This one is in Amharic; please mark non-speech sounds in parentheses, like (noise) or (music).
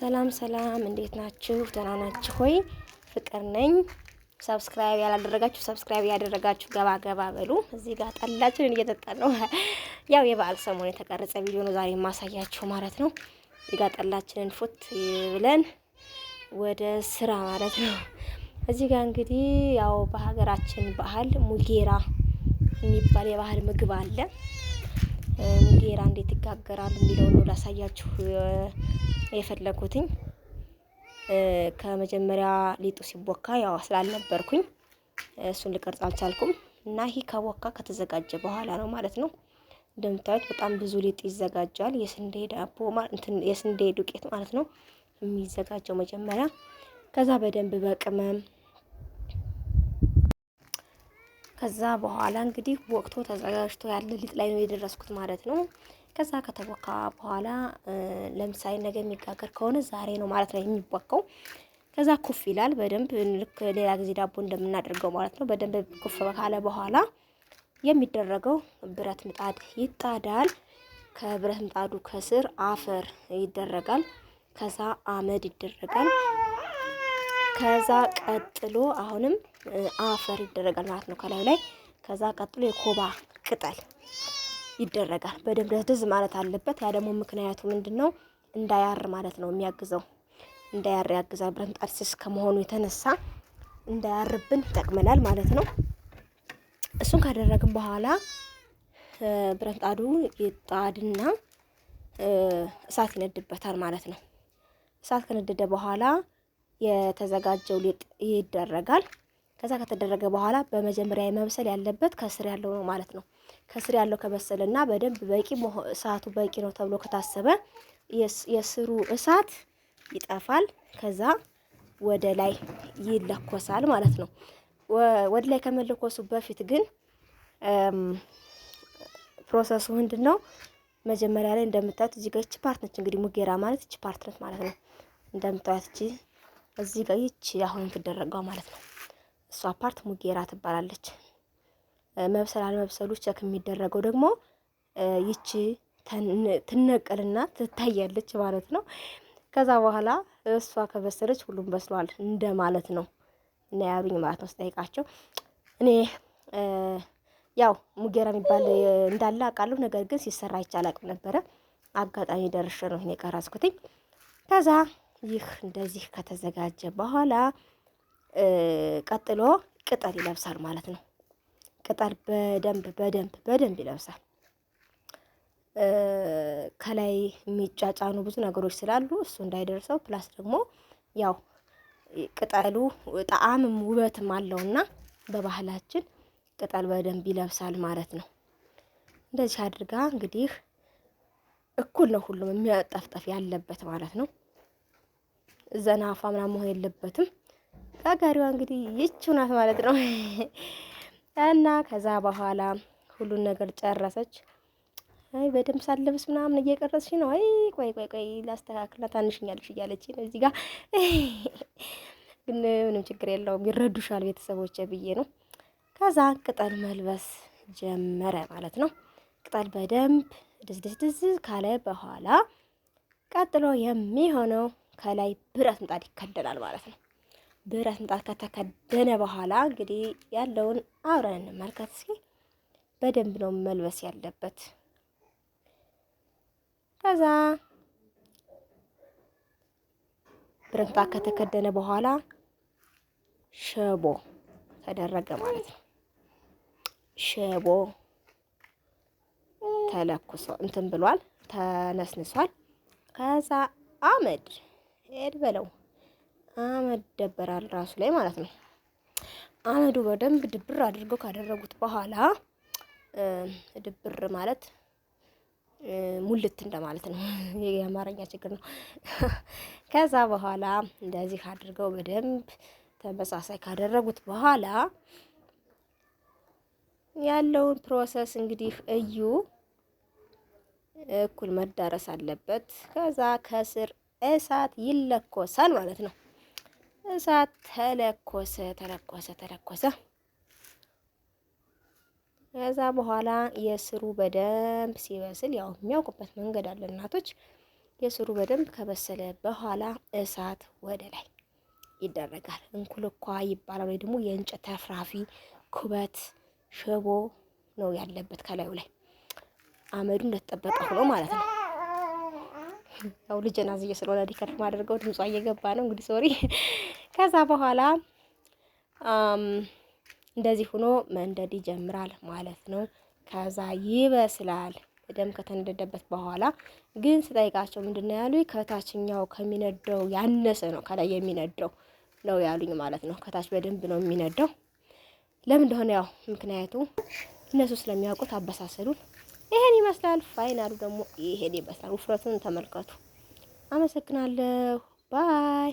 ሰላም ሰላም፣ እንዴት ናችሁ? ደህና ናችሁ ሆይ? ፍቅር ነኝ። ሰብስክራይብ ያላደረጋችሁ ሰብስክራይብ ያደረጋችሁ ገባ ገባ በሉ። እዚህ ጋር ጠላችንን እየጠጣ ነው። (laughs) ያው የበዓል ሰሞን የተቀረጸ ቪዲዮ ነው ዛሬ የማሳያችሁ ማለት ነው። እዚህ ጋር ጠላችንን ፉት ብለን ወደ ስራ ማለት ነው። እዚህ ጋር እንግዲህ ያው በሀገራችን ባህል ሙጌራ የሚባል የባህል ምግብ አለ። እንጌራ እንዴት ይጋገራል የሚለውን ነው ላሳያችሁ የፈለኩትኝ። ከመጀመሪያ ሊጡ ሲቦካ ያው ስላልነበርኩኝ እሱን ልቀርጽ አልቻልኩም እና ይህ ከቦካ ከተዘጋጀ በኋላ ነው ማለት ነው። እንደምታዩት በጣም ብዙ ሊጥ ይዘጋጃል። የስንዴ ዳቦ የስንዴ ዱቄት ማለት ነው የሚዘጋጀው መጀመሪያ። ከዛ በደንብ በቅመም ከዛ በኋላ እንግዲህ ወቅቶ ተዘጋጅቶ ያለ ሊጥ ላይ ነው የደረስኩት ማለት ነው። ከዛ ከተቦካ በኋላ ለምሳሌ ነገ የሚጋገር ከሆነ ዛሬ ነው ማለት ነው የሚቦካው። ከዛ ኩፍ ይላል በደንብ ልክ ሌላ ጊዜ ዳቦ እንደምናደርገው ማለት ነው። በደንብ ኩፍ ካለ በኋላ የሚደረገው ብረት ምጣድ ይጣዳል። ከብረት ምጣዱ ከስር አፈር ይደረጋል። ከዛ አመድ ይደረጋል። ከዛ ቀጥሎ አሁንም አፈር ይደረጋል ማለት ነው ከላዩ ላይ። ከዛ ቀጥሎ የኮባ ቅጠል ይደረጋል። በደንብ ደዝ ማለት አለበት። ያ ደግሞ ምክንያቱ ምንድን ነው? እንዳያር ማለት ነው የሚያግዘው እንዳያር ያግዛል። ብረን ጠርሲስ ከመሆኑ የተነሳ እንዳያርብን ይጠቅመናል ማለት ነው። እሱን ካደረግን በኋላ ብረን ጣዱ ይጣድና እሳት ይነድበታል ማለት ነው። እሳት ከነደደ በኋላ የተዘጋጀው ሊጥ ይደረጋል። ከዛ ከተደረገ በኋላ በመጀመሪያ የመብሰል ያለበት ከስር ያለው ነው ማለት ነው። ከስር ያለው ከበሰለና በደንብ በቂ ሰዓቱ በቂ ነው ተብሎ ከታሰበ የስሩ እሳት ይጠፋል። ከዛ ወደ ላይ ይለኮሳል ማለት ነው። ወደ ላይ ከመለኮሱ በፊት ግን ፕሮሰሱ ምንድን ነው? መጀመሪያ ላይ እንደምታዩት እዚህ ጋር ይቺ ፓርት ነች። እንግዲህ ሙጌራ ማለት ይቺ ፓርት ነች ማለት ነው። እንደምታዩት እዚህ ጋር ይቺ አሁን የምትደረገው ማለት ነው። እሷ ፓርት ሙጌራ ትባላለች። መብሰል አለመብሰሉ ቸክ የሚደረገው ደግሞ ይቺ ትነቀልና ትታያለች ማለት ነው። ከዛ በኋላ እሷ ከበሰለች ሁሉም በስሏል እንደ ማለት ነው እና ያሉኝ ማለት ነው ስጠይቃቸው እኔ ያው ሙጌራ የሚባል እንዳለ አውቃለሁ። ነገር ግን ሲሰራ ይቻላቅም ነበረ። አጋጣሚ ደርሼ ነው እኔ ቀረጽኩትኝ። ከዛ ይህ እንደዚህ ከተዘጋጀ በኋላ ቀጥሎ ቅጠል ይለብሳል ማለት ነው። ቅጠል በደንብ በደንብ በደንብ ይለብሳል። ከላይ የሚጫጫኑ ብዙ ነገሮች ስላሉ እሱ እንዳይደርሰው ፕላስ ደግሞ ያው ቅጠሉ ጣዕምም ውበትም አለውና በባህላችን ቅጠል በደንብ ይለብሳል ማለት ነው። እንደዚህ አድርጋ እንግዲህ እኩል ነው ሁሉም የሚያጠፍጠፍ ያለበት ማለት ነው። ዘናፋ ምናምን መሆን የለበትም። ጋጋሪዋ እንግዲህ ይቺው ናት ማለት ነው። እና ከዛ በኋላ ሁሉን ነገር ጨረሰች። አይ በደምብ ሳለብስ ምናምን እየቀረጽሽ ነው። አይ ቆይ ቆይ ቆይ ላስተካክልና ታንሽኛለሽ እያለች ነው እዚህ ጋር። ግን ምንም ችግር የለውም ይረዱሻል ቤተሰቦች ብዬ ነው። ከዛ ቅጠል መልበስ ጀመረ ማለት ነው። ቅጠል በደንብ ድዝድዝድዝ ካለ በኋላ ቀጥሎ የሚሆነው ከላይ ብረት ምጣድ ይከደናል ማለት ነው። ብረት ምጣድ ከተከደነ በኋላ እንግዲህ ያለውን አብረን እንመልከት። እስኪ በደንብ ነው መልበስ ያለበት። ከዛ ብረት ምጣድ ከተከደነ በኋላ ሸቦ ተደረገ ማለት ነው። ሸቦ ተለኩሶ እንትን ብሏል፣ ተነስንሷል። ከዛ አመድ ሄድ በለው አመድ ደበራል ራሱ ላይ ማለት ነው። አመዱ በደንብ ድብር አድርገው ካደረጉት በኋላ ድብር ማለት ሙልት እንደማለት ነው። የአማርኛ ችግር ነው። ከዛ በኋላ እንደዚህ አድርገው በደንብ ተመሳሳይ ካደረጉት በኋላ ያለውን ፕሮሰስ እንግዲህ እዩ። እኩል መዳረስ አለበት። ከዛ ከስር እሳት ይለኮሳል ማለት ነው። እሳት ተለኮሰ ተለኮሰ ተለኮሰ። ከዛ በኋላ የስሩ በደንብ ሲበስል ያው የሚያውቁበት መንገድ አለ እናቶች። የስሩ በደንብ ከበሰለ በኋላ እሳት ወደ ላይ ይደረጋል። እንኩልኳ ይባላል ወይ ደግሞ የእንጨት ተፍራፊ ኩበት ሽቦ ነው ያለበት ከላዩ ላይ አመዱ እንደተጠበቀ ሆኖ ማለት ነው። ያው ልጄን አዝዬ ስለሆነ ሪከርድ ማድረገው ድምጿ እየገባ ነው እንግዲህ ሶሪ ከዛ በኋላ እንደዚህ ሆኖ መንደድ ይጀምራል ማለት ነው። ከዛ ይበስላል። በደንብ ከተነደደበት በኋላ ግን ስጠይቃቸው ምንድነው ነው ከታችኛው ከሚነደው ያነሰ ነው ከላይ የሚነደው ነው ያሉኝ ማለት ነው። ከታች በደንብ ነው የሚነደው። ለምን እንደሆነ ያው ምክንያቱ እነሱ ስለሚያውቁት አበሳሰሉን ይሄን ይመስላል። ፋይናሉ ደግሞ ይሄን ይመስላል። ውፍረቱን ተመልከቱ። አመሰግናለሁ። ባይ